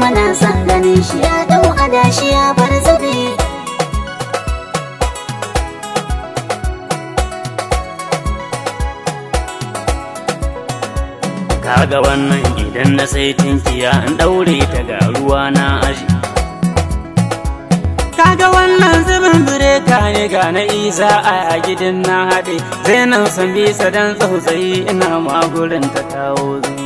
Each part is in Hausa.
muna son ganin shi ya dau adashi ya bar zabe kaga wannan idan na sai tinkiya in daure ta ga ruwa na aji kaga wannan zubin bireta ne ga na isa a gidan na haɗe zainan san bisa dan tsautsayi ina magurin ta kawo zuyi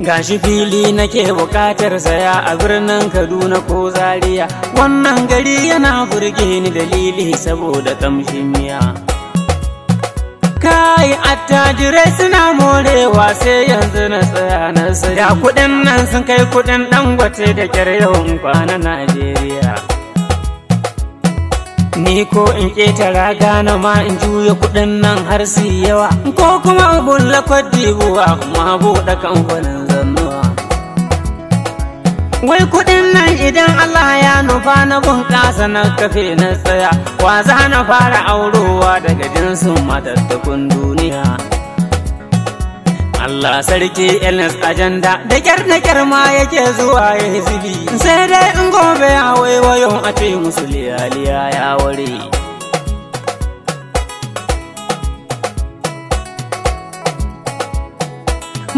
gashi fili nake bukatar saya a birnin kaduna ko zaria wannan gari yana burge ni dalili saboda kamshin miya kai attajirai suna morewa sai yanzu na tsaya na saya kudin nan sun kai kudin dangote da kyar kwana najeriya ni ko in raga na ma in juya kuɗin nan har su yawa ko kuma bulla kwadibuwa ma buɗe kamfanin zannuwa wai kuɗin nan idan Allah ya nufa na bunƙasa na kafe na tsaya wa za na fara aurowa daga jinsin matattakun duniya Allah sarki Elnes ajanda da kyar da kyar ma yake zuwa ya zubi sai dai in gobe don a ce musu liyaliya ya ware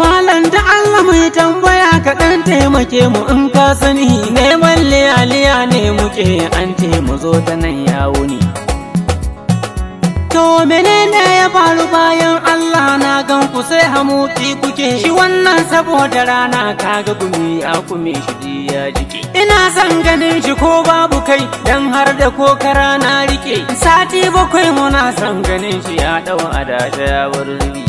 Malam da Allah mai tambaya kaɗan taimake mu in ka sani neman liyaliya ne muke an ce mu zo ta nan ya wuni. To menene ya faru bayan ku sai hamuti kuke shi wannan saboda rana kaga gumi a kume shi ya jike ina son ganin shi ko babu kai dan har da kokara na rike sati bakwai muna son ganin shi ya dau adasha ya bar zubi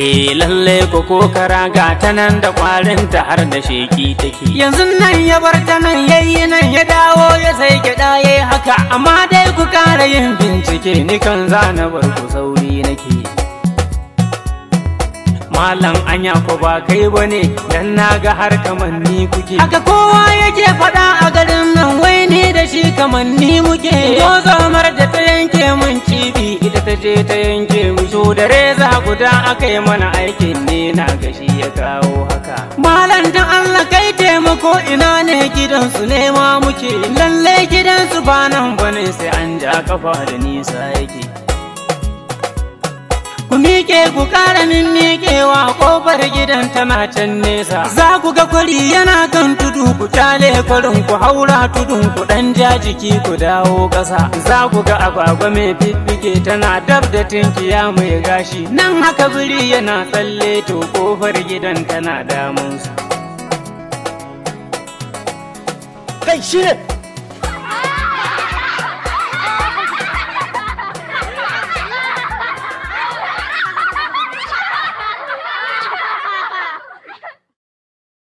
Eh lalle ko kokara ga ta da kwarin ta har da sheki take yanzu nan ya bar ta nan yayi nan ya dawo ya sai gida yayi haka amma dai ku kara yin bincike ni kan zana bar ku sauri nake malam anya ko ba kai bane dan naga har kamanni kuke haka kowa yake faɗa a garin nan wai ni da shi ni muke gozamar da ta yanke mun cibi ita ta je ta yanke mu so da reza guda aka mana aikin ne na gashi ya kawo haka malam dan Allah kai taimako ina ne gidan su ne ma muke Lallai gidan su ba nan bane sai an ja kafa da nisa yake ke ku ƙara min miƙewa ƙofar gidan ta macen nesa. Za ku ga kwari yana kan tudu ku tale kwarin ku haura tudun ku ɗan ja jiki ku dawo ƙasa. Za ku ga agwagwa mai fiffike tana dab da tinkiya mai gashi. Nan haka biri yana tsalle to kofar gidan tana damunsa. Kai shi